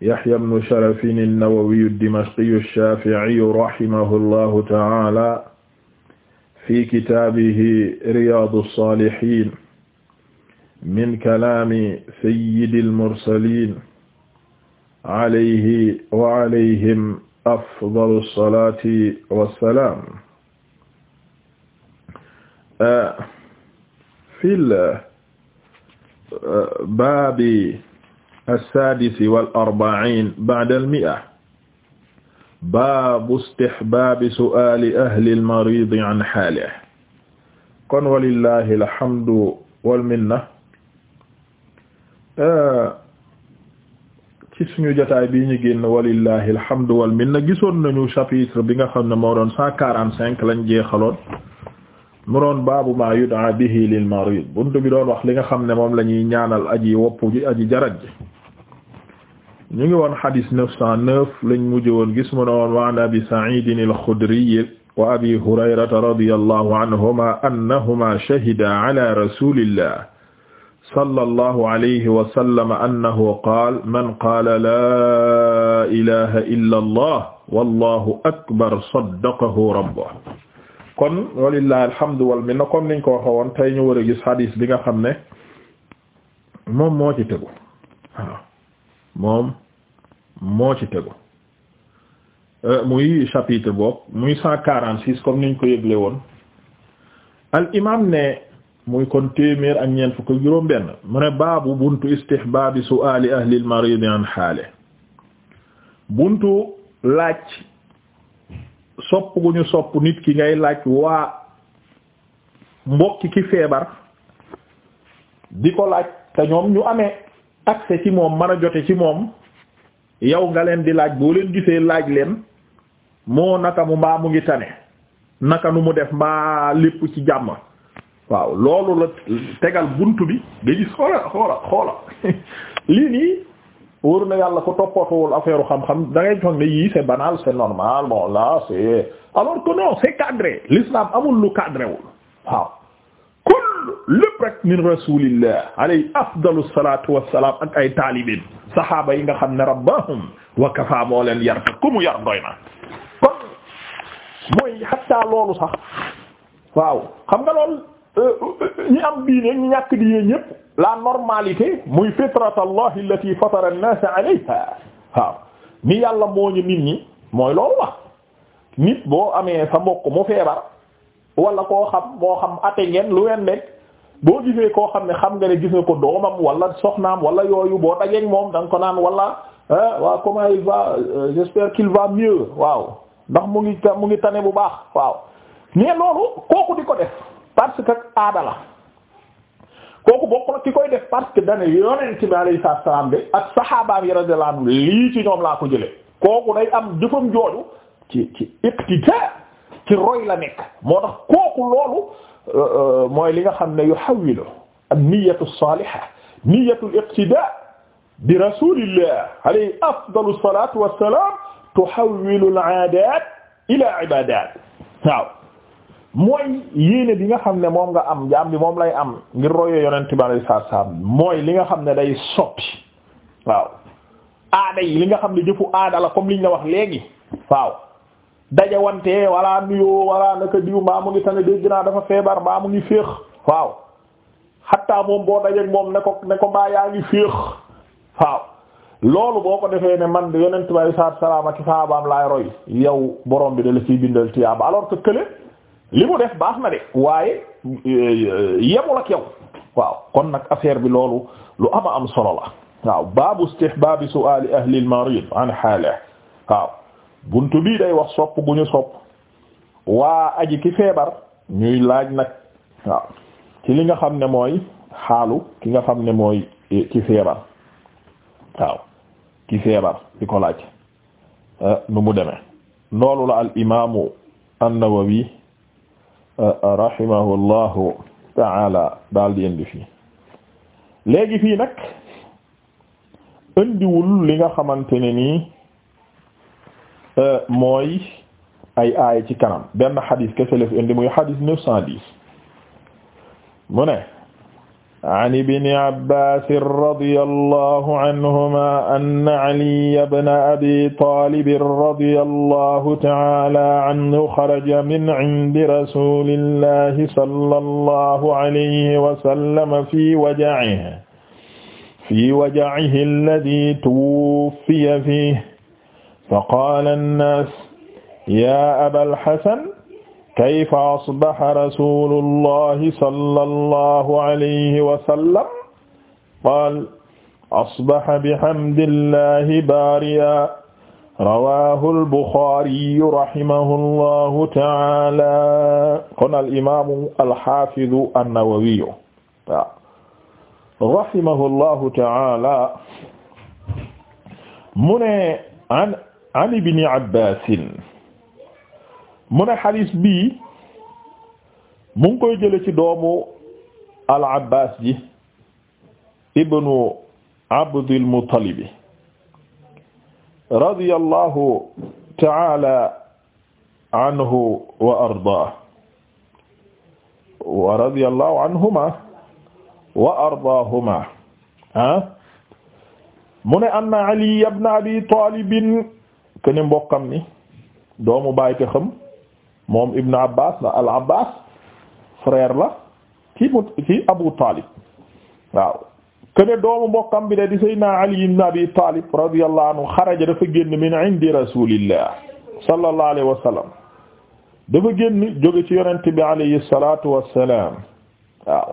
Yahya ibnu Sharafin an-Nawawi ad-Dimashqi ash-Shafi'i rahimahu llahu ta'ala fi kitaabihi Riyaadu as-Saalihiin min kalaami sayyidil mursaliin alayhi wa alayhim afdalu as-salaati was-salaam fil uh, baabi as-saadisi wal arba'iin ba'da al-mi'a baabu istihbaabi su'aali ahli al-mariidi an haalihi kon walillahi alhamdu wal minna ci suñu jotaay bii ñu génn walillahi alhamdu wal minna gisoon nañu chapitre bi nga xam ne moo doon cent quarante-cinq lañ jeexaloon mu doon baabu maa yud'a bihi lil mariid buntu bi doon wax li nga xam ne moom la ñuy ñaanal aji wopp ji aji jaraj ji ñu ngi woon xadis neuf cent neuf lañ mujj woon gis mu ne woon wa an abi saidin alxudriyi wa abi hurayrata radi allahu anhuma annahuma shahida ala rasulillah sala allahu alayhi wasallam annahu qaal man qaala laa ilaha illa allah wallahu akbar saddaqahu rabbuh kon walillahi alhamdu wal minna comme niñ ko waxe woon tey ñu war a gis xadis bi nga xam ne moom moo ci tegu waaw moom moo ci tegu euh, muy chapitre boobu muy comme niñ ko yëgle woon al imam ne muy kon téeméer ak ñeent fukk juróom benn mu ne baabu buntu istihbaabi su'aali ahli al marid buntu laaj sopp gu ñu sopp nit ki ngay laaj waa mbokki ki feebar di ko laaj te ñoom ñu amee accès ci moom mën a jote ci moom yow nga leen di laaj boo leen gisee laaj leen moo naka mu mbaa mu ngi tane naka nu mu def mbaa lépp ci jàmm waaw loolu la tegal bunt bi nga gis xoola xoola xoola lii nii wóor na yàlla ko toppatoowul affaire xam-xam da ngay foog ne yii c'est banal c'est normal bon là c'est alors que non c'est cadré l'islam amul lu cadré waaw lépp rek min rasulillah alayhi afdalu salatu wassalam ak ay taalibin sahaaba yi nga xam ne rabbahum wa kafa yar te yar doy na xatta loolu sax waaw xam nga loolu euh, ñi am diine ñu ñàkk diine ñépp la normalité muy fitrata allah allati fatara an-nas alayha waaw ni mooy loolu wax nit boo amee sa mbokk mu feebar wala koo xam boo xam ate ngeen lu boo gisee koo xam ne xam nga ne gis nga ko doomam wala soxnaam wala yooyu boo dajeeg moom da nga ko naan wala ah waaw comment il va euh, j'espère qu'il va mieux waaw ndax mu ngi mu ngi tane bu baax waaw mais loolu kooku di ko def parce que aada la kooku bokk na ki koy def parce que dane yonent bi alayhi salaam de ak saxaabaam yi radiyallahu anhu lii ci ñoom laa ko jële kooku day am jëfam jooju ci ci iqtida ci roy la nekk moo tax kooku mooy li nga xam ne yuhawilu an-niyyatu as-salihah niyyatu al-iqtida' bi rasulillah alayhi afdalu as-salatu was al-'adat ila ibadat waaw mooy yéene bi nga xam ne moom nga am jaam bi moom lay am ngir royee yonent bi alayhi mooy li nga xam ne day soppi waaw aada yi li nga xam ne jëfu aada la comme liñ la wax léegi dajawante wala nuyoo wala naka diw mbaa mu ngi tane dégg naa dafa feebar mbaa mu ngi féex waaw xatta moom boo dajeek moom ne ko ne yaa ngi féex waaw loolu boo ko defee ne man yonent bi alayhi salaatu salaam ak laay roy yow borom bi da la ciy bindal tiyaaba alors que kële li mu def baax na de waaye euh, yemul ak yow waaw kon nag affaire bi loolu lu ama am solo la waaw baabu istihbaabi su'aali ahli al an haalihi waaw buntu bii day wax sopp gu ñu sopp waa aji ki feebar ñuy laaj nag waaw li nga xam ne mooy xaalu ki nga xam ne mooy eh, ki feebar waaw ki feebar di ko laaj eh, nu mu demee loolu la al imaamu an-Nawawi eh, rahimahullahu taala daal di indi fii léegi fii nag indiwul li nga xamante ne nii Euh, mooy ay aaya ci kanam benn xadis kese la fi indi muy xadis neuf cent dix mu ne an ibni abbas radiyallahu anhuma anna ali ibn abi talib radiyallahu ta'ala anhu xaraja min indi rasulillahi sallallahu alayhi wa sallam fi waj'ihi fi waj'ihi alladhi tuwuffiya fihi faqaala annaas yaa abal hasan kayfa asbaha rasuulullahi sallallahu alayhi wa sallam qaala asbaha bihamdillahi baariya rawaahu al-Buxaariyu rahimahullahu ta'aala kon al-imaamu al-haafidu an-Nawawiyu rahimahullahu ta'aala mu ne an an ibni abbasin mu ne xadis bii mu ngi koy jële ci doomu al abbas ji ibnu abdil muttalibi radiyallahu ta'ala anhu wa ardaah wa radiyallahu anhuma wa ardaahuma ah mu ne anna ali ibn abi talib kene mbokkam mi doomu bàyyi ko moom Ibn Abbas la al Abbas frère la ci Abu Talib waaw doomu mbokkam bi de di Seydina Ali ibn Abi Talib radiyallahu anhu xaraja dafa génn min indi rasulillah sallallahu alayhi wa sallam dafa génn jóge ci yonent bi alayhi salatu wassalam waaw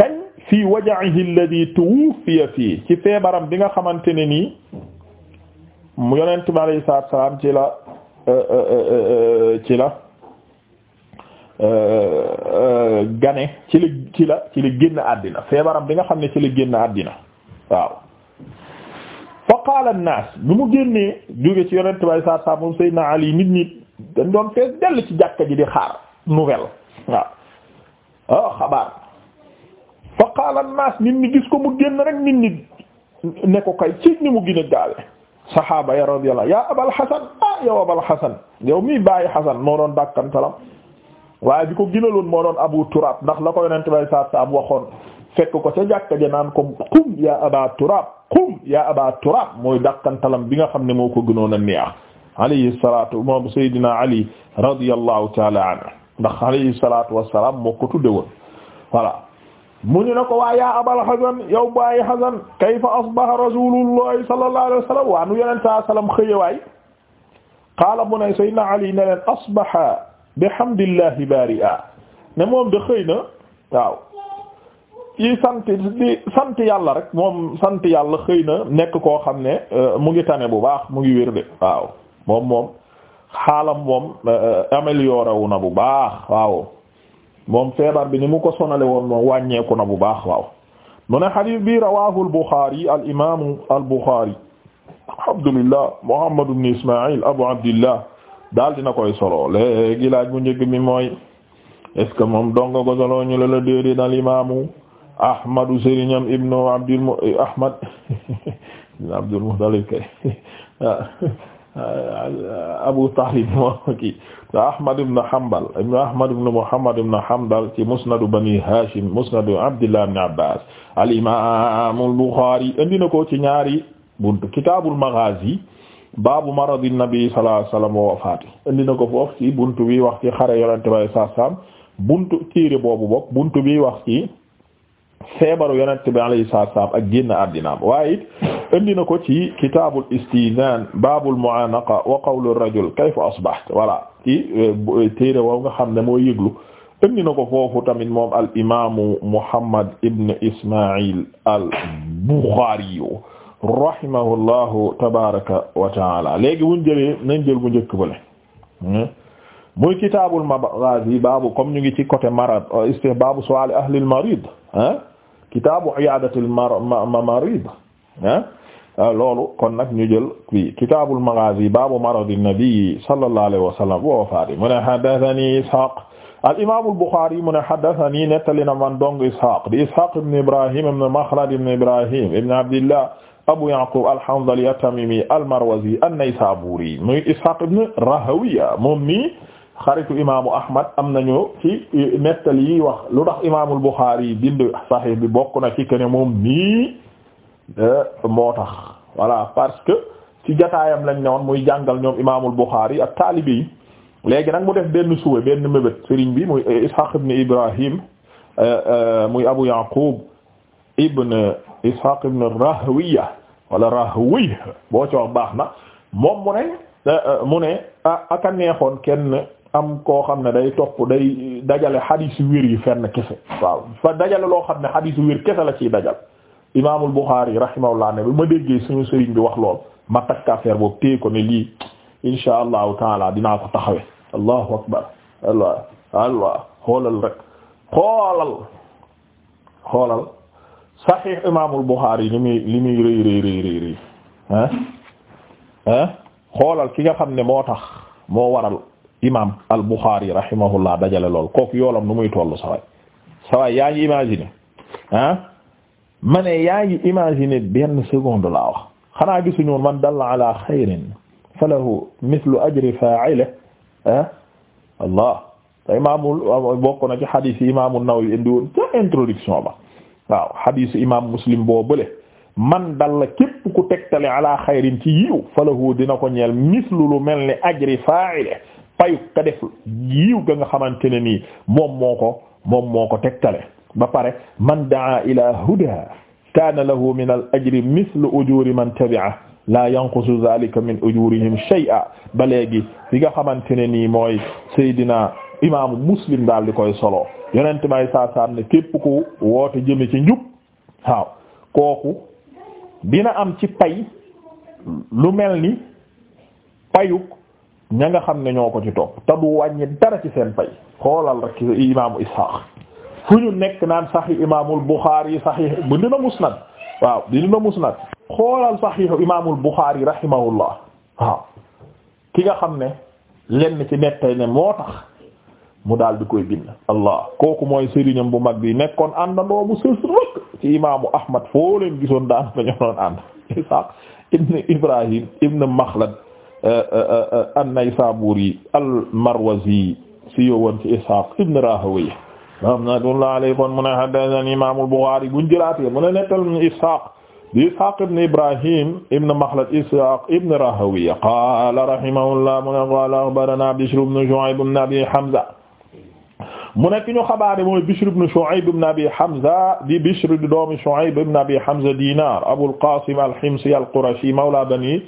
kañ fii waja'ihi alladhi tuwfiya fii ci feebaram bi nga xamante ne nii mu yonent bi alayhi salaatu salaam ci la euh, euh, euh, ci la gane ci la ci la ci génn àddina feebaram bi nga xam ne ci la génn àddina waaw fa qaala an-naas bi mu génnee jóge ci yonent bi alayhi salaatu salaam moom Seydina Ali nit ñi dañ doon fees dell ci jàkka ji di xaar nouvelle waaw ah xabaar fa qaala an-naas nit ñi gis ko mu génn rek nit ñi ne ko kay ci ni mu gën a gaawe saxaaba ya radiyallahu ah yow abal xasan yow mii bàyyi xasan moo doon dàkkantalam waaye ko ginaloon moo abu turaab ndax la ko yonent bay saat saam waxoon fekk ko ca jàkka ja naan ko aba turaab qum yaa aba turaab mooy dàkkantalam bi nga xam ne moo ko gënoon a neex alayhi salatu moom Seydina Ali radiyallahu taala anhu ndax alayhi salatu wassalam moo ko tudde woon voilà mu ñu ne ko waa yaa abal xasan yow bàyyi xasan kayfa asbaha rasulullahi sallallahu wa sallam waa nu yeneen saa sallam xëye waay qaala mu ne saydna ali ne leen asbaha bihamdillahi bari'a ne moom de xëy na waaw ci sant yàlla rek moom sant yàlla xëy na nekk koo xam ne euh, mu ngi tane bu baax mu ngi wér de waaw moom moom xaalam moom euh, amélioré na bu baax waaw moom feebar bi ni mu ko sonale woon moom wàññeeku na bu baax waaw mu ne xadis bi rawahu al-Bukhari al imamu al-Bukhari alhamdulillah Muhammad ibn Ismail Abu Abdillah daal dina koy solo léegi laaj bu njëkk mi mooy est ce que moom donga ko solo ñu la la déedéet al Ahmadu sëriñam ibnu Abdul Ahmad ibn Abdul Muttalib kay ah, Euh, Abu Talib moo kii Ahmad ibn Hanbal ibn Ahmad ibn Muhammad ibn Hanbal ci musnadu Bani Hashim musnadu Abdillah ibn Abbas al-Imam al-Bukhari indi ko ci ñaari buntu kitaabul Maghazi baabu maradi nabi sallallahu alayhi wasallam wa wafaati indi na ko foofu ci buntu bi wax ci xare yonente bay saasam buntu tiire boobu bokk buntu bi wax ci feebaru yonente bi alayhi salaam ak génn àddinaam waaye indi na ko ci kitaabul istizaan baabul mu'aanaqa wa qawlu rajul kayfa asbahta voilà ci euh, téere woowu nga xam ne moo yëglu indi na ko foofu tamit moom al imaamu mu ibn Ismaa'il al Buxaari rahimahullahu tabaaraka wa ta'aala léegi bu ñu jëlee nañ hmm? ngi ci côté marad euh, istihbaabu su'aali ahlil mariid marid Ah, loolu kon nag ñu jël fi kitaabul maghaazi baabu maradi nabi sallallahu alayhi wa sallam wa wafaati mu ne haddathani Ishaq al imaamul Bukhari mu ne haddathani nettali na man dong Ishaq di Ishaq ibn Ibrahim ibn Makhlad ibn Ibrahim ibn Abdillah Abu Yaqub al-Hanzali at-Tamimi al-Marwazi an-Naysaburi Ishaq ibn Rahawiya moom mi xaritu imaamu Ahmad am nañu ci yi wax lu tax imaamul Bukhari bind Sahih bi bokk na ci kenn moom Euh, moo tax voilà parce que ci jataayam lañ ne woon muy jàngal ñoom imaamul Bukhari ak taalibe yi léegi nag mu def benn suwe benn mébét sëriñ bi muy euh, Ishaq ibn Ibrahim euh, muy Abu Yaqub ibn Ishaq ibn Rahwiya wala Rahwiya boo ci wax baax na moom mu ne mu ne ak a neexoon kenn am koo xam ne day topp day dajale xadiis wér yi fenn kese waaw fa dajale loo xam ne xadiis wér kese la ciy dajal imaamul Buxaari rahimahullah ne bu ma déggee suñu sëriñ bi wax lool ma takk affaire boobu téye ko ne lii insha allahu taala dinaa ko taxawee allahu akbar allah allah xoolal rek xoolal xoolal saxiix imaamul Buxaari li muy li muy rëy rëy rëy xoolal ki nga xam ne moo tax moo waral imaam al Buxaari rahimahullah dajale lool kooku yoolam nu muy tollu saway saway yaa ngi imaginer ah ma ne yaa benn seconde laa wax xanaa gisuñu man dalla ala xayrin falahu mithlu ajri fa'ilihi ah allah te imaamul bokk ci xadiis yi imaamu Nawawi indi woon introduction ba waaw xadiisu imaam Muslim boo man dalla képp ku tegtale ala xayrin ci yiw falahu dina ko ñeel mislu lu mel ni ajri fa'ilihi payu ka def yiw ga nga xamante ne nii moom moo ko moom moo ko tegtale ba pare man daa ila huda kaana lahu min al ajri mislu ujuri man tabi'a la yanqusu zalika min ujurihim shay'a ba léegi li nga xamante ne nii mooy Seydina imaamu Muslim daal di koy solo yonent may saa saa ne képp ku woote jëme ci njub waaw kooku dina am ci pay lu mel ni payuk ña nga xam ne ñoo ko ci topp te du wàññi dara ci seen pay xoolal rek imaamu Ishaq fu ñu nekk naan saxiix imaamul Buxaari saxiix bu dina musnad waaw dina musnad xoolaal saxiixu imaamul Buxaari rahimahullah waaw ki nga xam ne lenn ci nettay ne moo tax mu daal di koy bind allah kooku mooy sëriñam bu mag bi nekkoon àndandoo bu sës rëkk ci imaamu Ahmad foo leen gisoon daan dañu doon ànd Isaaq ibn Ibrahim ibn Makhlad eh, eh, eh, an-Naysaburi al-Marwazi si yowoon ci Isaaq ibn Rahawayh rahmatullah alayhi kon mu ne haddathani imam al-Bukhari buñ jëlaatee mu ne nettal ñu Ishaq di Ishaq ibn Ibrahim ibn Makhlad Ishaq ibn Rahawiya qala rahimahullah mu ne qala akhbarana Bishr ibn Shu'ayb ibn Abi Hamza mu nekk ñu xabaare mooy Bishr ibn Shu'ayb ibn Abi Hamza di Bishr di doomi Shu'ayb ibn Abi Hamza Dinar Abul Qasim al-Himsi al-Qurashi mawla Bani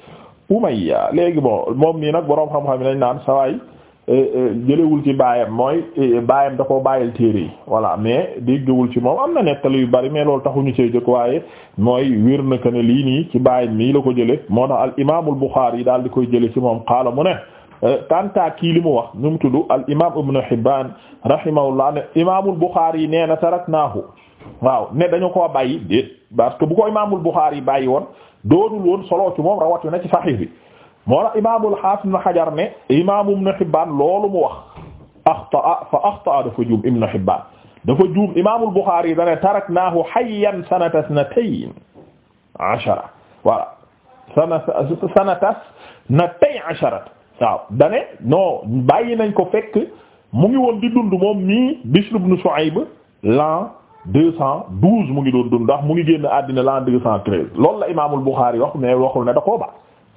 Umayya léegi bon moom nii nag boroom xam-xam yi lañ naan sawaay Euh, euh, jëlewul ci baayam mooy euh, baayam da koo bàyyil téere yi voilà mais déggewul ci moom am na nettali yu bari mais loolu taxuñu see jëkk waaye mooy wér na ne lii nii ci baayam nii la ko jële moo tax al imaamul Buxaari yi daal di koy jële ci moom xaala mu ne kanta kii li mu wax ñu mu tudd al imam ibnu Hibbaan rahimahullah ne imaamul Buxaari yi nee na taraknaahu waaw ne dañu koo bàyyi déet parce que bu ko imaamul Buxaari yi bàyyi woon doonul woon solo ci moom rawatina ci saxiix bi moo la imaamul xaafis na xajar ne imaamu Ibn Hibbaan loolu mu wax axtaa fa axtaa dafa juum Ibn Hibbaan dafa juum imaamul Buxaari dane taraknaahu hayyan sanata snatayn ashara voilà sanata snatay ashara waaw dane non bàyyi nañ ko fekk mu ngi woon di dund moom nii Bishr ibn Shu'ayb l'an deux cent douze mu ngi doon dund ndax mu ngi génn àddina l'an deux cent treize loolu la imaamul Buxaari wax mais waxul ne da koo ba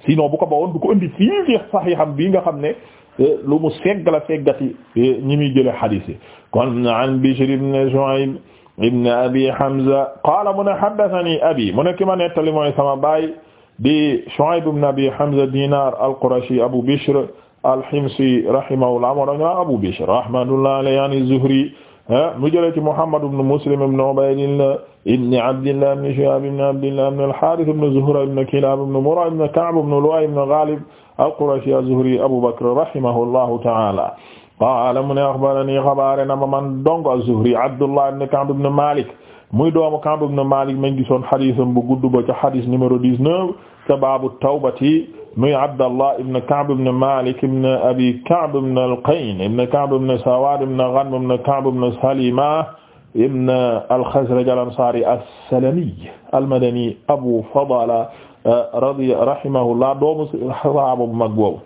sinon bu ko bawoon du ko indi fii ci saxiixam bii nga xam ne eh, lu mu seggala seggati eh, ñi muy jële xadiis yi kon an Bishr ibn Shu'ayb ibn Abi Hamza qaala mu ne haddathani abi mu ne ki ma nettali mooy sama baay di Shu'ayb ibn Abi Hamza Dinar al-Qurashi Abu Bishr al-Himsi rahimahullah moo Abu Bishr rahmatullahi alayhi an az-Zuhri mu jëlee ci Muhammad ibn Muslim ibn Ubaydillah ibn Abdillah ibn Shihab ibn Abdillah ibn al-Harith ibn Zuhra ibn Kilab ibn Murra ibn Ka'b ibn Lu'ay ibn Ghalib al-Qurashi az-Zuhri Abu Bakr rahimahullahu ta'ala qaala mu ne akhbarani xabaare na ma man dong az-Zuhri Abdullah ibn Ka'b ibn Malik muy doomu Ka'b ibn Malik ma ngi gisoon xadisam bu gudd ba ca xadis numéro 19 ca baabu tawbati muy Abdallah ibn Ka'b ibn Malik ibn Abi Ka'b ibn al-Qayn ibn Ka'b ibn Sawad ibn Ghanm ibn Ka'b ibn Salima ibn al-Khazraj al-Ansari as-Salami al-Madani Abu Fadala uh, radi rahimahullah doomu sahaaba bu mag boobu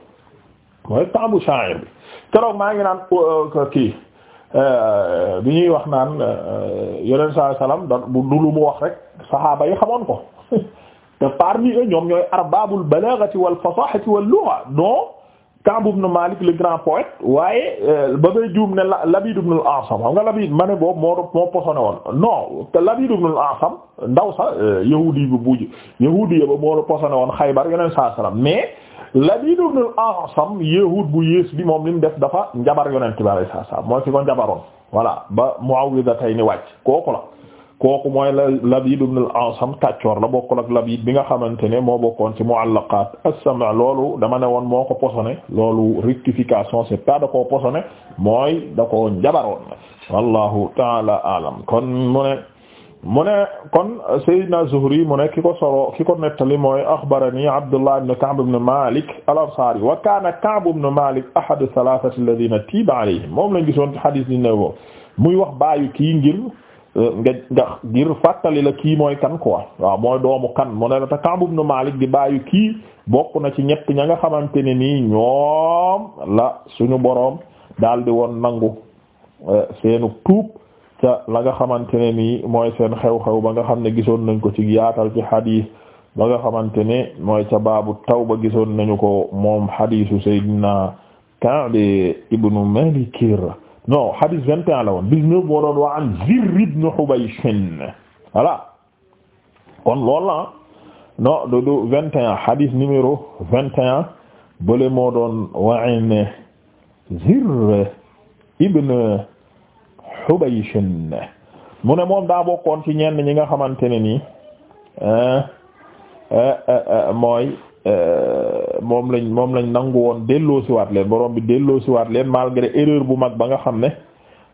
mooy Ka'bu sha'ir bi keroog maa ngi naan uh, uh, kii bi ñuy wax naan yeneen saa salaam da du lu mu wax rek sahaaba yi xamoon ko te parmi eux ñoom ñooy arbabul balaghati wal fasahati wal lugha non Ka'b ibn Malik le grand poète waaye euh, ba ngay juum ne Labid ibn al-A'sam xam nga Labid ma ne boobu moo moo posone woon non te Labid ibn al-A'sam ndaw sa euh, yahudi bu bu yahudi ba moo posone woon Xaybar yeneen saa salaam mais Labid ibn al-A'sam yahud bu yées bi moom li mu def dafa njabar yonent bi sallallahu alayhi wasallam moo ci ko njabaroon voilà ba Mu'awwidatayn wàcc kooku la kooku mooy la Labid ibn al-Asam kàccoor la bokkul ak Labid bi nga xamante ne moo bokkoon ci muallaqat as-sam' loolu dama ne woon moo ko posone loolu rectification c'est pas da koo posone mooy da koo njabaroon wallahu taala alam kon mu ne mu ne kon Seydina Zuhri mu ne ki ko solo ki ko nettali mooy axbarani Abdullah ibn Ka'b ibn Malik al-Ansari wa kana Ka'b ibn Malik ahad thalathati alladhina tiba alayhim moom lañ gisoon ci hadith ni muy wax baayu kii ngir Euh, nga nga ngir fàttali la kii mooy kan quoi waaw mooy doomu kan mu ne la te Ka'b ibn Malik di bàyyi kii bokk na ci ñett ña nga xamante ne nii ñoom la suñu boroom daal di woon nangu euh, seenu tuub ca la nga xamante ne nii mooy seen xew-xew ba nga xam ne gisoon nañ ko ci yaatal ci xadiis ba nga xamante ne mooy ca baabu ba gisoon nañu ko moom xadiisu Seydina Ka'b ibn Malik non hadis vingt et un la woon dix-neuf moo doon wa an Zirr ibn Hubaysh voilà kon loolu la ah. du du vingt numéro vingt et un bële moo doon wa an Zirr ibn Hubaysh mu ne moom daa bokkoon ci ñenn ñi nga xamante ne nii eh, eh, eh, mooy Euh, moom lañ moom lañ nangu woon delloo siwaat leen boroom bi delloo siwaat leen malgré erreur bu mag ba nga xam ne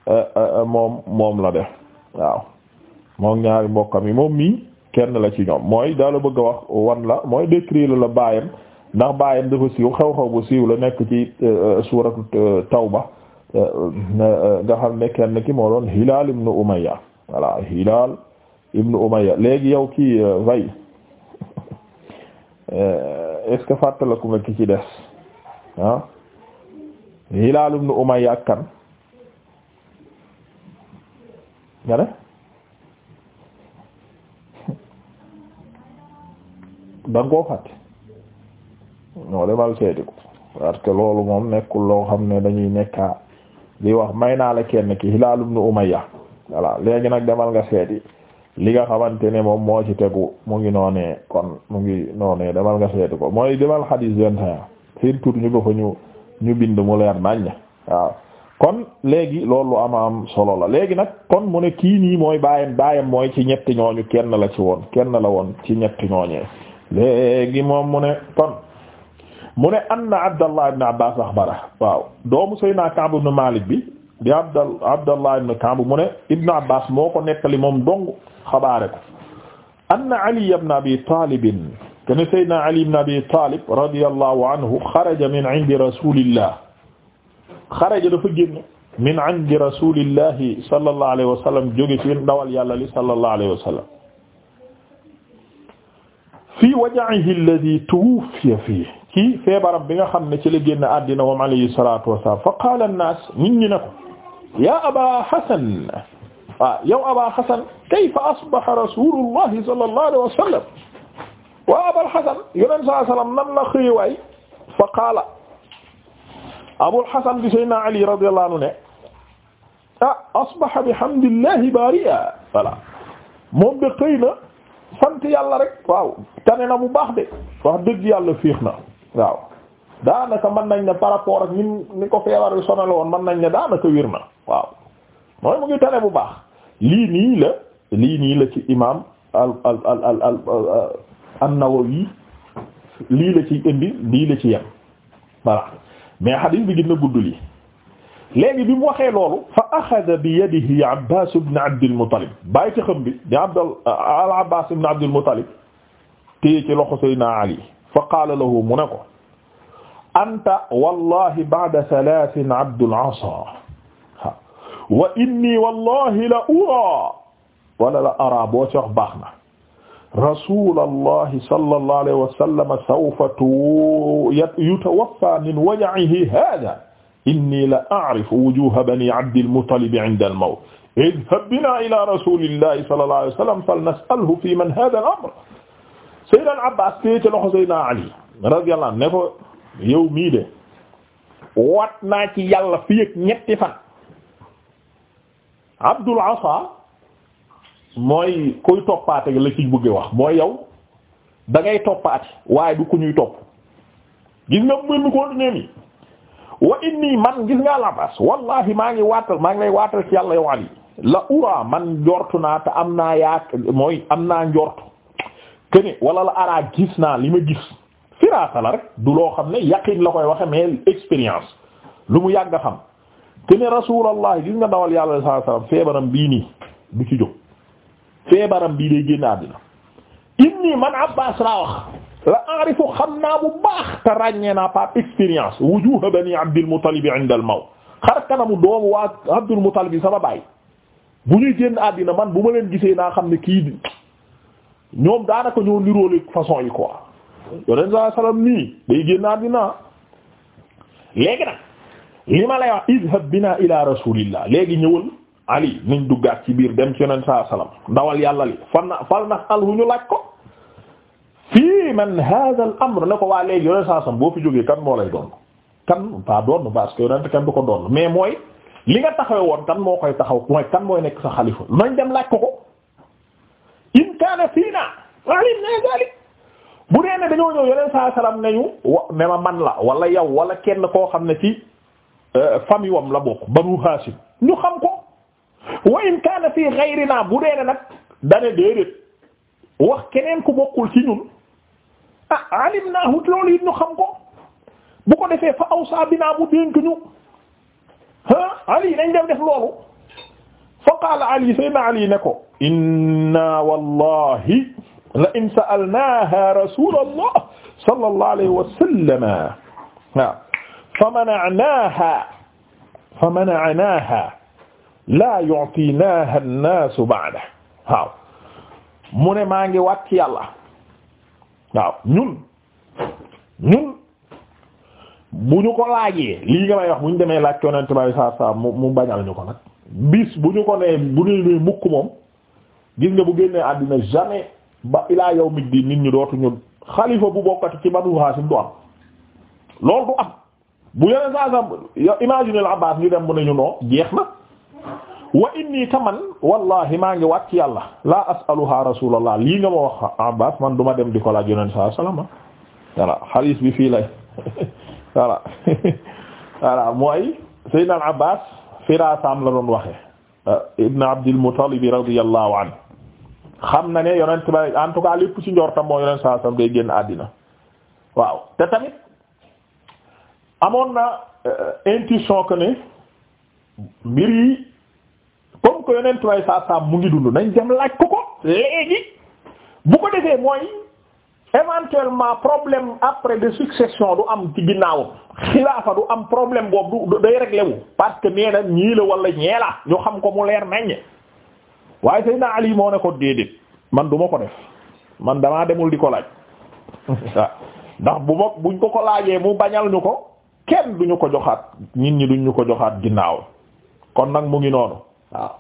euh, euh, moom moom la def waaw moom ñaari mbokkam yi moom mii kenn la ci ñoom mooy daala bëgg a wax wan la mooy décrire la la baayam ndax baayam dafa siiw xew-xew bu siiw la nekk ci suuratu tawba nga xam ne kenn ki moo doon Hilaal ibnu Umayya voilà Hilaal ibnu Umayya léegi yow kii vay est-ce que fàttaliku nga ki ci des ah Hilaal ibn Umayya ak kan nga ne danga koo fàtte demal seeti ko parce que loolu moom nekkul loo xam ne dañuy nekkaa li wax may naa la kenn ki Hilaal ibn Umayya voilà léegi nag demal nga seeti li nga xamante ne moom moo ci tegu mu ngi noonee kon mu ngi noonee demal nga seetu ko mooy demal xadiis vingt et un seen ñu ko fa ñu ñu bind mu leer nañ waaw kon léegi loolu ama am solo la léegi nag kon mu ne kii nii mooy baayam baayam mooy ci ñetti ñooñu kenn la ci woon kenn la woon ci ñetti ñooñee léegi moom mu ne kon mu ne anna abdallah ibn abbas axbara waaw doomu sayna Ka'b ibn Malik bi di abdal abdallah ibn Ka'b mu ne ibn abbas moo ko nettali moom dong xabaare ko anna ali ibn abi talib kana sayyidina ali ibn abi talib radiyallahu anhu xaraja min indi rasulillah xaraja dafa génn min indi rasulillah sallallahu alayhi wa sallam jóge ci ndawal yàlla li sallallahu alayhi wa sallam fii waja'ihi alladhi tuwuffiya fiihi ci feebaram bi nga xam ne ci la génn àddina moom alayhi salatu wa salam fa qaala an-naas nit ñi ne ko yaa aba hasan waaw ah, yow Aba Xassan kayfa a rasulullahi sallallahu alayhi wa sallam wa Abal Xassan yonent saa salaam nan la xëy waay fa qaala Abul Xassan bi Seydina Ali radiyallahu anhu ne ah asbaha bihamdillahi baariya voilà moom de xëy na yàlla rek waaw tane na bu baax de wax dëgg yàlla fiix na waaw daanaka mën nañ ne par rapport ak ni ni ko feebar bi sonaloon mën nañ ne daanaka wér waaw mu ngi tane bu baax. lii nii la lii nii la ci imaam al al al al euh, an-Nawawi lii la ci indi lii la ci yem voilà mais hadith bi gën a gudd lii léegi bi mu waxee loolu fa axada bi yadihi Abbas ibn Abdul Muttalib bàyyi ci xam bi di Abdul al Abbas ibn Abdul Muttalib téye ci loxo Seydina Ali fa qaala lahu mu ne ko anta wallahi ba'da thalathin abdul asa wa inni wallahi la ura wala la ara boo ci wax baax na rasulallahi sallallahu alayhi wa sallam sawfa yutawaffa min waj'ihi hadha inni la a'rifu wujuha bani abdil muttalib 'inda al-mawt idhhab bina ila rasulillahi sallallahu alayhi wa sallam falnas'alhu fi man hadha al-amr Seydina Abbas tey ci loxo Seydina Ali radiyallahu anhu ne ko yow mii de waat naa ci yàlla fi ak ñetti fan abdul asa mooy kuy toppaate la ci bëgge wax mooy yow dangay ngay toppaate waaye du ku ñuy topp gis nga benn continuer mi wa inni man gis nga labas wallahi maa ngi waatal maa ngi lay waatal ci yàlla yow ali la ura man njortu naa te am naa yaak mooy am naa njortu kene wala la araa gis naa li ma gis firaasa rek du loo xam ne yaqin la koy waxe mais expérience lu mu yàgg a xam te ne rasulallah gis nga dawal yàlla sallallahu alayhi wasallam feebaram bii nii du ci jóg feebaram bii day génn àddina inni man abbas laa la arifu xam naa bu baax te par expérience wujuha bani abdul muttalib inda al mawt xar kanamu doomu waa abdul muttalib sama baay bu ñuy génn àddina man bu ma leen gisee naa xam ne kii ñoom daanaka ñoo façon yi quoi yoneen sallallahu alayhi wasallam nii day génn àddina léegi nag li ma lay wax izhab bina ila rasulillah léegi ñëwal ali nañ duggaat ci biir dem ci yonent saa salaam ndawal yàlla li fan na fal na al hu ñu laaj ko fii man hadha al amr ne ko waa léegi yonent saa salaam boo fi jógee kan moo lay doon kan pas doon parce que yonent kenn du ko doon mais mooy li nga taxawee woon kan moo koy taxaw mooy kan mooy nekk sa xalifa nañ dem laaj ko ko in kaana fiina alim na dalik bu dee ne dañoo ñëw yonent saa salaam ne ñu wa ne ma man la wala yow wala kenn koo xam ne ci Euh, famille wam la bokk banu Haashim ñu xam ko wa in kaana fii ghayrina bu dee nag dane déedéet wax keneen ku bokkul ci ñun ah alimnaahu loolu it ñu xam ko bu ko defee fa awsaa binaa bu dénk ñu ah Ali dañ dem def loolu fa qaala Ali sayyidina Ali ne ko inna wallahi la in sa'alnaaha rasuulallah sallallahu alayhi wa sallam fa mana'naaha fa mana'naaha laa yu'tiinaaha an-naasu ba'da waaw mu ne maa ngi waat yàlla waaw ñun ñun bu ñu ko laajee lii nga may wax bu ñu demee laaj yonent bi saa saa mu mu bañal ñu ko nag bis bu ñu ko nee bu ñu nee mukk moom gis nga bu génnee àddina jamais ba ilaa yawmi diin nit ñu dootuñu xalifa bu bokkati ci Banu Haashim du am loolu du am bu yeneen saa saa yow imagine al Abbaas ñu dem bu ne ñu noo jeex na wa inni taman wallahi maa ngi ci yàlla laa asaluha rasulallah lii nga ma wax Abbaas man du ma dem di ko laaj yeneen saa salaama voilà xadiis bi fii lay voilà voilà mooy Seydina al Abbaas firaasaam la doon waxe euh, Ibn Abdil Muttalib radiyallahu anhu xam na ne yonent ba en tout lépp ci njortam moo yonent saa saa day génn àddina waaw te tamit. amoon na euh, intuition que ne mbir yi comme que yeneen saa saa mu ngi dund nañ dem laaj ko ko léegi bu ko defee mooy éventuellement problème après de succession du am ci ginnaawam xilaafa du am problème boobu du day réglé parce que nee ñiila ñii la wala ñee la ñu xam ko mu leer naññ waaye Seydina Ali moo ne ko déedéet man duma ko def man damaa demul di ko laaj ndax bu ma buñ ko ko laajee mu bañal ñu ko. kenn ñu ko joxaat nit ñi ñu ko joxaat ginnaaw kon nag mu ngi noonu waaw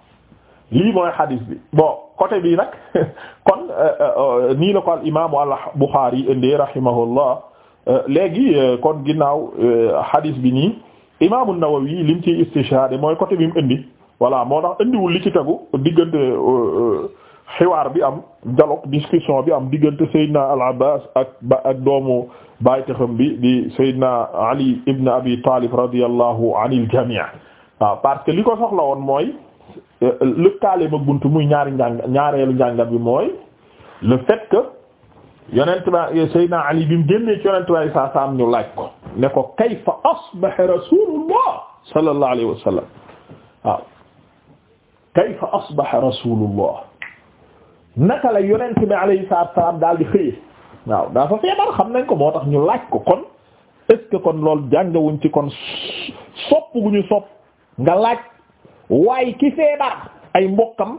lii mooy xadiis bi bon côté bii nag kon euh, euh, euh, nii la ko al imaamu al Buxaari indee rahimahullah léegi kon ginnaaw xadiis bi nii imaamu Nawawi lim ci istishhaad mooy côté bi mu indi voilà moo tax indiwul li ci tegu diggante xiwaar bi am dialogue discussion bi am diggante Seydina al Abbaas ak ba ak doomu bàytaxam bi di Seydina Ali ibn Abi Talib radiyallahu anil jami' waaw parce que li ko soxla woon mooy euh, euh, lëkkaale mag bunt muy ñaari njàng ñaareelu njàngat bi mooy le fait que euh, Ali bi mu génnee ci yonent ba saa saam ñu laaj ko ne ko kayfa asbaha rasulullah naka la yonent bi alayhi salaam daal di xëyee waaw dafa feebar xam nañ ko moo tax ñu laaj ko kon est-ce que kon loolu jàngawuñ ci kon sopp gu ñu sopp nga laaj waaye ki feebar ay mbokkam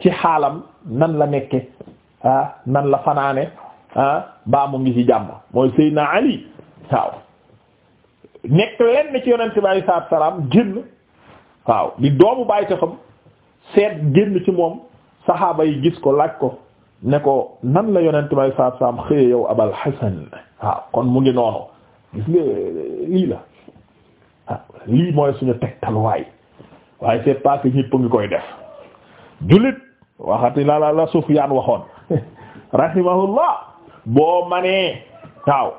ci xaalam nan la nekke ah, nan la fanaane ah, baa mu ngi ci jàmm mooy Seydina Ali waaw nekk lenn ci yonent bi alei salaatu génn waaw di doomu bàyyi te xam seet génn ci moom saxaaba yi gis ko laaj ko ne ko nan la yonent may saab saam xëye yow abal hasan waaw ah, kon mu ngi noonu gis nga lii la ah, lii mooy suñu tegtal waay waaye c'est pas que ñëpp ngi koy def jullit waxati la la la Sufyaan waxoon rahimahullah boo manee waaw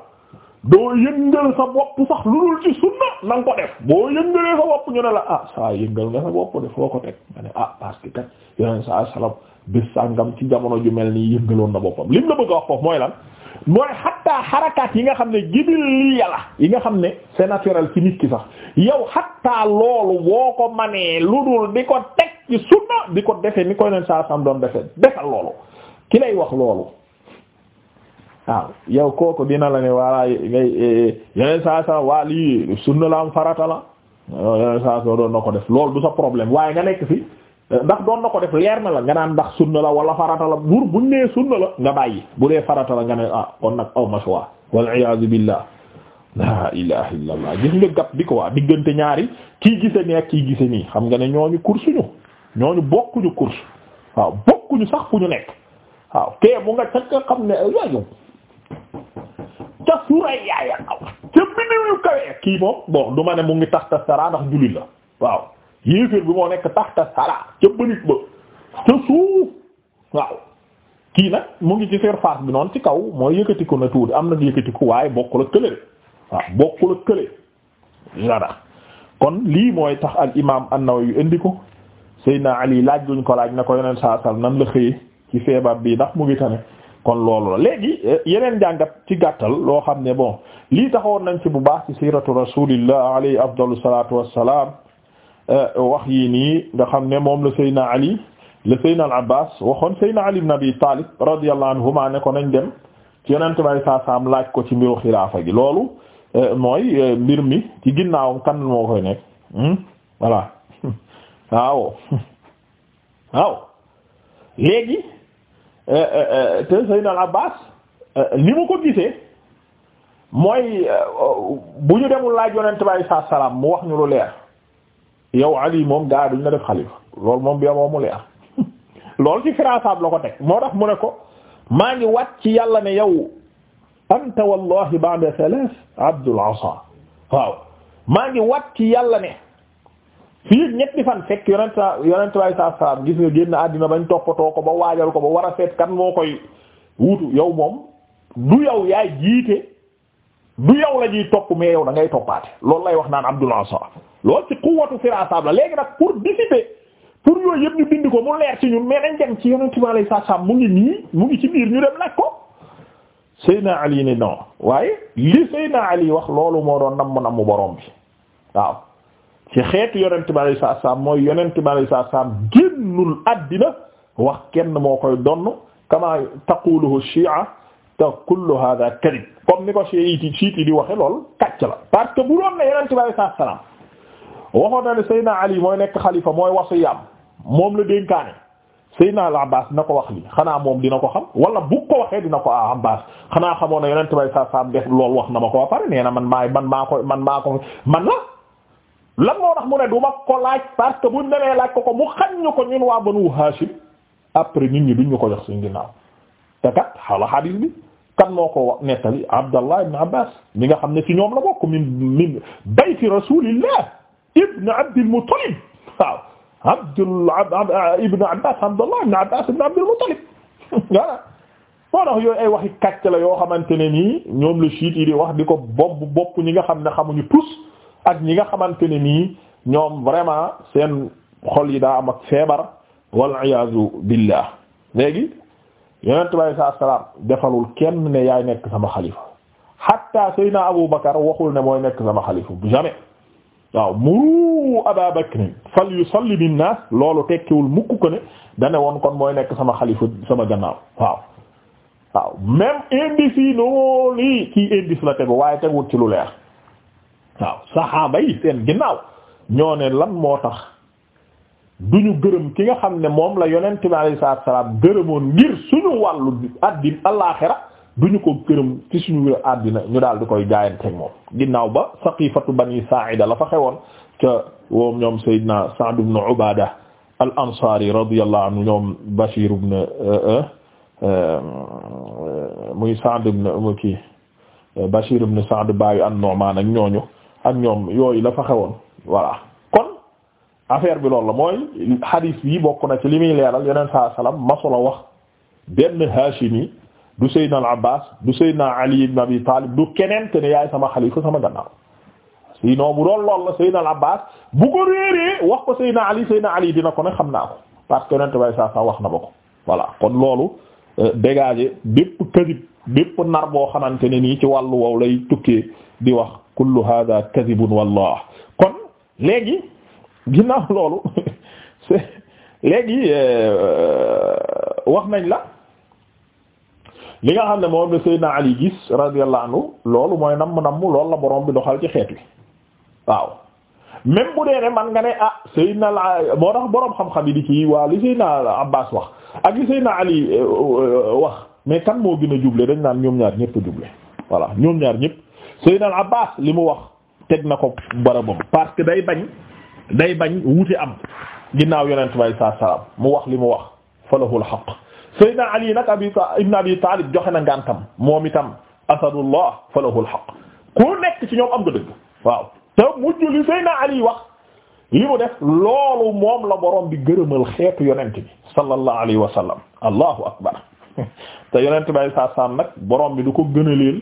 doo yëngal sa bopp sax lu dul ci sunna na ko def boo yëngalee sa bopp ñu ne la ah saa yëngal nga sa bopp de foo ko teg nga ne ah parce que kat yeneen saa salab bés sàngam ci jamono ju mel nii yëngaloon na boppam lim la bëgg a wax foofu mooy lan mooy xattaa xarakaat yi nga xam ne jibil lii yàlla yi nga xam ne c'est naturel ci nit ki sax yow xatta loolu woo ko manee lu dul di ko teg ci sunna di ko defee ni koy neen saa sam doon defee defal loolu ki lay wax loolu waaw yow kooku dina la ne wala ngay eh, eh, yeneen saa saa waa lii sunna la am farata la yeneen saa saa doon na ko def lool du sa problème waaye nga nekk fi ndax doon na ko def leer na la nga naan ndax sunna la wala farata la buur buñ nee sunna la nga bàyyi bu dee farata la nga ne ah kon nag aw maswa wal iyaazu billah la ilaha illa gis nga gàpp bi ko waa diggante ñaari kii gise nii ak kii gise nii xam nga ne ñooñu course ñu ñooñu bokkuñu course waaw bokkuñu sax fu suraya yaqaw ca biniw kawee kii moom bon du ma ne mu ngi taxta sara ndax jullit la waaw yéeféer bi moo nekk taxta sara ca bënit ba ca suuf waaw kii nag mu ngi ci surface bi noonu ci kaw mooy yëkkati na tuuti am na yëkkati waaye bokku la kële de waaw bokku la kële dara kon lii mooy tax al imaam an-Nawawi indi ko Seydina Ali laaj guñ ko laaj na ko yoneen saa nan la xëye ci feebar bii ndax mu ngi tane kon loolu la léegi eh, yeneen jàngat ci gàttal loo xam ne bon lii taxoon nañ ci bu baax ci siiratu rasulillah alayhi afdalu salatu wassalam eh, wax yii nii nga xam ne moom la Seydina Ali la Seydina al Abbas waxoon Seydina Ali na Abi Talib radiyallahu anhuma ne ko nañ dem ci yeneen bay saa laaj ko ci mbiru xilaafa gi loolu eh, mooy mbir mi ci ginnaaw kan moo koy nekk hmm? voilà waaw léegi Eh, eh, eh, te Seydina al Abbas ni mu ko gisee mooy bu ñu demul laaj yonent bi saa salaam mu wax ñu lu leer yow Ali moom gaa duñ la def xalifa lool moom bi moo mu leer loolu ci firaasaab la ko teg moo tax mu ne ko maa ngi wat ci yàlla ne yow anta wallahi ba'da thalath abdul asa waaw maa ngi wat ci yàlla ne fii ñetti fan fekk yonent sa yonent waay sa salaam gis nga génn àddina bañ toppatoo ko ba waajal ko ba war a seet kan moo koy wuutu yow moom du yow yaay jiite du yow la ñuy topp mais yow da ngay toppaate loolu lay wax naan Abdul Ansar loolu ci quwwatu firasab la léegi nag pour dissiper pour yooyu yëpp ñu bind ko mu leer ci ñun mais dañ dem ci yonent bi alayhi mu ngi nii mu ngi ci biir ñu dem nag ko Seydina Ali ne non waaye li Seydina Ali wax loolu moo doon namm namm borom waaw ci xeetu yonent bi alayhi salaatu mooy yonent bi alayhi salaatu salaam génnul àddina wax kenn moo koy donn kama taquluhu shi'a te kullu hadha kadib comme ni ko siiti di waxe lool kàcc la parce que bu doon ne yonent bi alayhi salaatu salaam waxoon Ali mooy nekk xalifa mooy wasiyam moom la dénkaane Seydina al Abbas na ko wax li xanaa moom dina ko xam wala bu ko waxee dina ko a ah Abbas xanaa xamoon na yonent bi alayhi salaatu salaam def loolu wax na ma ko ba pare nee man man maa man maa man la lan moo tax mu ne du ma ko laaj parce que buñ demee laaj ko ko mu xam ñu ko ñun waa banu Hashim après nit ñi duñ ñu ko jox suñ ginnaaw te kat xala xadiis bi kan moo ko nettali Abdallah nga xam ne ci ñoom la bokk min min bayti rasulillah ibn Abdil Muttalib waaw Abdul ibn Abbas Abdallah ibn Abbas ibn Abdil Muttalib voilà moo tax yooyu ay waxi kàcc la yoo xamante ne nii ñoom la chiite yi di wax di ko bopp bopp ñi nga xam ne xamuñu tous ak ñi nga xamante ne nii ñoom vraiment seen xol yi daa am ak feebar wal iyaazu billah léegi yonent bi saa salaam defalul kenn ne yaay nekk sama xalifa hatta Seydina Abu Bakar waxul ne mooy nekk sama xalifa bu jamais waaw muru Aba Bakrin fal yusalli bin naas loolu tekkiwul mukk ko ne dane kon mooy nekk sama xalifa sama gannaaw waaw waaw même indice yi noonu kii indice la tegu waaye teguwul ci lu leer waaw saxaaba yi seen ginnaaw ñoo ne lan moo tax du ñu gërëm ki nga xam ne moom la yonent bi alayhi salaatu salaam gërëmoon ngir suñu wàllu àddina alaaxira du ñu ko gërëm ci suñu àddina ñu daal di koy jaayanteeg moom ginnaaw ba saqifatu bani saa'ida la fa xewoon ca woom ñoom Seydina Sa'd ibn Ubaada al ansaari radiyallahu anhu ñoom Bashir ibn eh, eh, eh, muy Sa'd ibn kii Bashir ibn baayu an-Nu'maan ak ñooñu ak ñoom yooyu la fa xewoon voilà kon affaire bi loolu la mooy hadith yi bokk na ci li muy leeral yeneen saa salaam masula wax benn Hashimi du Seydina al Abbas du Seydina Ali ibn Abi Talib du keneen te ne yaay sama xalifa sama gannaaw sinon bu doon lool la Seydina al Abbas bu ko réeree wax ko Seydina Ali Seydina Ali dina ko ne xam naa ko parce que yonent bay saa saa wax na ba ko voilà kon loolu euh, dégager bépp këdib bépp nar boo xamante ne nii ci wàllu wow lay tukk di wax kullu hada kadibun wallah kon léegi ginnaaw loolu léegi euh, wax nañ la li nga xam ne moom la Seydina Ali gis radiyallahu anhu loolu mooy namm namm loolu la borom bi doxal ci xeet wi waaw même bu dee ne man nga ne ah Seydina la moo tax borom xam-xam yi di ci waa li naa Seydina Abbas wax ak li Seydina Ali euh, euh, wax mais kan moo gin a juble dañ naan ñoom ñaar ñëpp a juble voilà ñoom ñaar ñëpp. Seydina al Abbas li mu wax teg na ko barabam parce que day bañ day bañ wuute am ginnaaw yonent bi saa salaam mu wax li mu wax falahul haqq Seydina Ali nag abi ibn Abi Taalib joxe na ngantam moom itam asadullah falahul haqq ku nekk ci ñoom am nga dëgg waaw te mujj li Seydina Ali wax li mu def loolu moom la borom bi gërëmal xeetu yonent bi sallallahu alayhi wa sallam allahu akbar te yonent bi saa salaam nag borom bi du ko gënaleel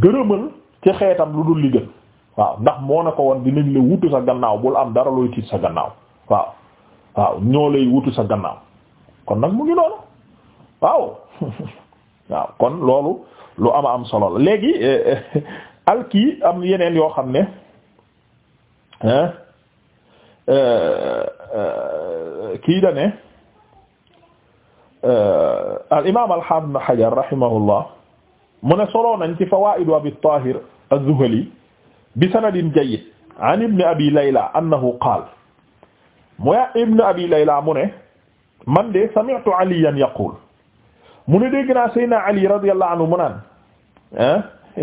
gërëmal ci xeetam lu dul li gën waaw ndax moo ne ko woon dinañ la wutu sa gannaaw bul am dara looy tiit sa gannaaw waaw waaw ñoo lay wutu sa gannaaw kon nag mu ngi noonu waaw waaw kon loolu lu ama am solo la léegi eh, eh, alkii am yeneen yoo xam ne eh, kii da ne al imaam al haafiz ibn Hajar mu ne soloo nañ ci fawaa'id abi tahir az-zuhli bi sanadin jayyid an ibn abi layla annahu qaala mooy ibn abi layla mu ne man de sami'tu aliyan yaqul mu ne dégg naa sayyidina ali radiyallahu anhu mu naan ah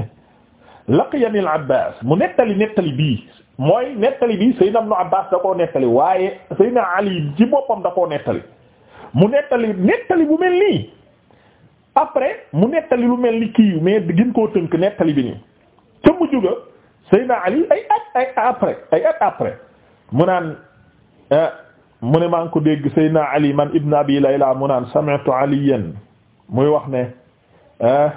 laqiyani al-abbas mu nettali nettali bii mooy nettali bi sayyidina ibn abbas da koo nettali waaye sayyidina ali ci boppam da koo nettali mu nettali nettali bu mel nii après mu nettali lu mel ni kii mais gin koo tënk nettali bi nii ca juga Seydina Ali ay at ay at après mu naan eh, mu ne maa ngi ko dégg Seydina Ali man Ibn Abi Layla mu naan sami'tu Aliyan muy wax ne eh,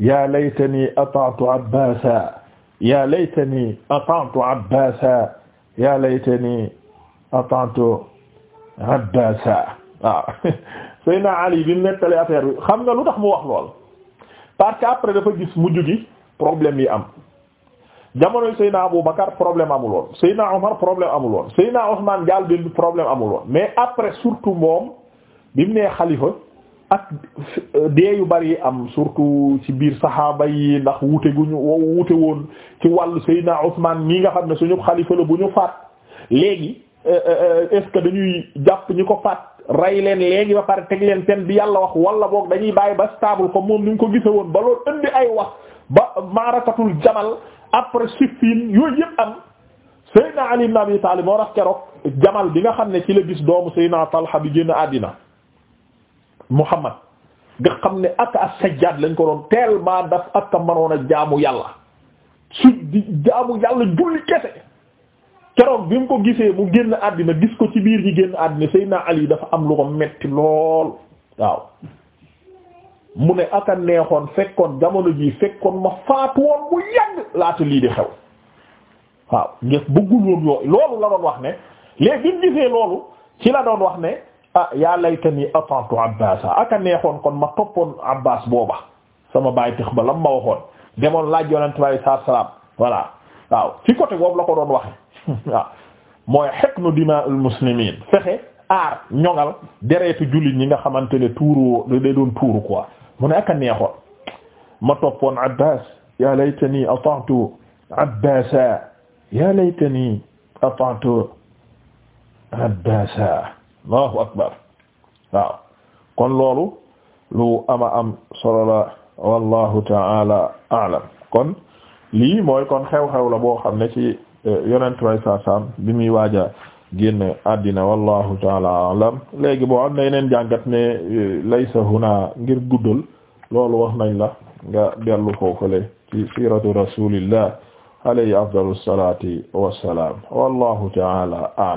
ya laytani ata'tu Abbasa ya laytani ata'tu Abbasa ya laytani ata'tu Abbasa ah. Seyna Ali bi mu nettalee affaire bi xam nga lu tax mu wax lool parce que après dafa gis mujj gi problème yi am jamono jamonoy Seyna Abu Bakar problème amul woon Seyna Omar problème amul woon Seyna Ousmane Diall bi problème amul woon mais après surtout moom bi mu nee xalifa ak dee yu bari am surtout ci biir saxaaba yi ndax wuute gu ñu wuute woon ci wàllu Seyna Ousmane mii nga xam ne suñu xalifa la bu ñu faat léegi euh, euh, euh, est-ce que dañuy jàpp ñi ko faat. rey leen léegi ba pare teg bi yàlla wax wala boog dañuy bàyyi ba stable ko moom ni ñu ko gise woon ba loolu indi ay wax ba marakatul jamal après Siffin yooyu yëpp am Seydina Ali ibn Abi Talib moo tax jamal bi nga xam ne ci la gis doomu Seydina Talha bi génn àddina Muhammad nga xam ne ak as sajjaad lañ ko doon tellement daf ak a mënoon a jaamu yàlla su julli kese. keroog bi mu ko gisee mu génn àddina gis ko ci biir ñi génn àddina Seydina Ali dafa am lu ko metti lool waaw mu ne aka neexoon fekkoon jamono jii fekkoon ma faatu woon bu yàgg laata lii di xew waaw ngef bëggul yooyu loolu la doon wax ne léegi bi mu gisee loolu ci la doon wax ne ah yaa laytani ata'tu Abbaasa aka neexoon kon ma toppoon Abbaas booba sama bàyyi tax ba lam ma waxoon demoon laaj yonent bi sallallahu alayhi wasallam waaw ci côté boobu la ko doon waxe waaw mooy hiqnu dimaa al muslimiin fexe aar ñoŋal dereetu jullit ñi nga xamante ne tuuru day doon tuuru quoi mu ne ak a neexoon ma toppoon Abbaas yaa laytanii ata'tu Abbaasa Abbaasa Allahu akbar waaw kon loolu lu ama am solo la wallahu ta'ala a'lam kon lii mooy kon xew-xew la boo xam ne ci yonent way saa saam bi muy waaja génn àddina wallahu taala alam léegi boo am na neen jàngat ne laysa huna ngir guddal loolu wax nañ la nga dellu foofale ci siiratu rasulillah alayhi afdalu salati wassalam wallahu taala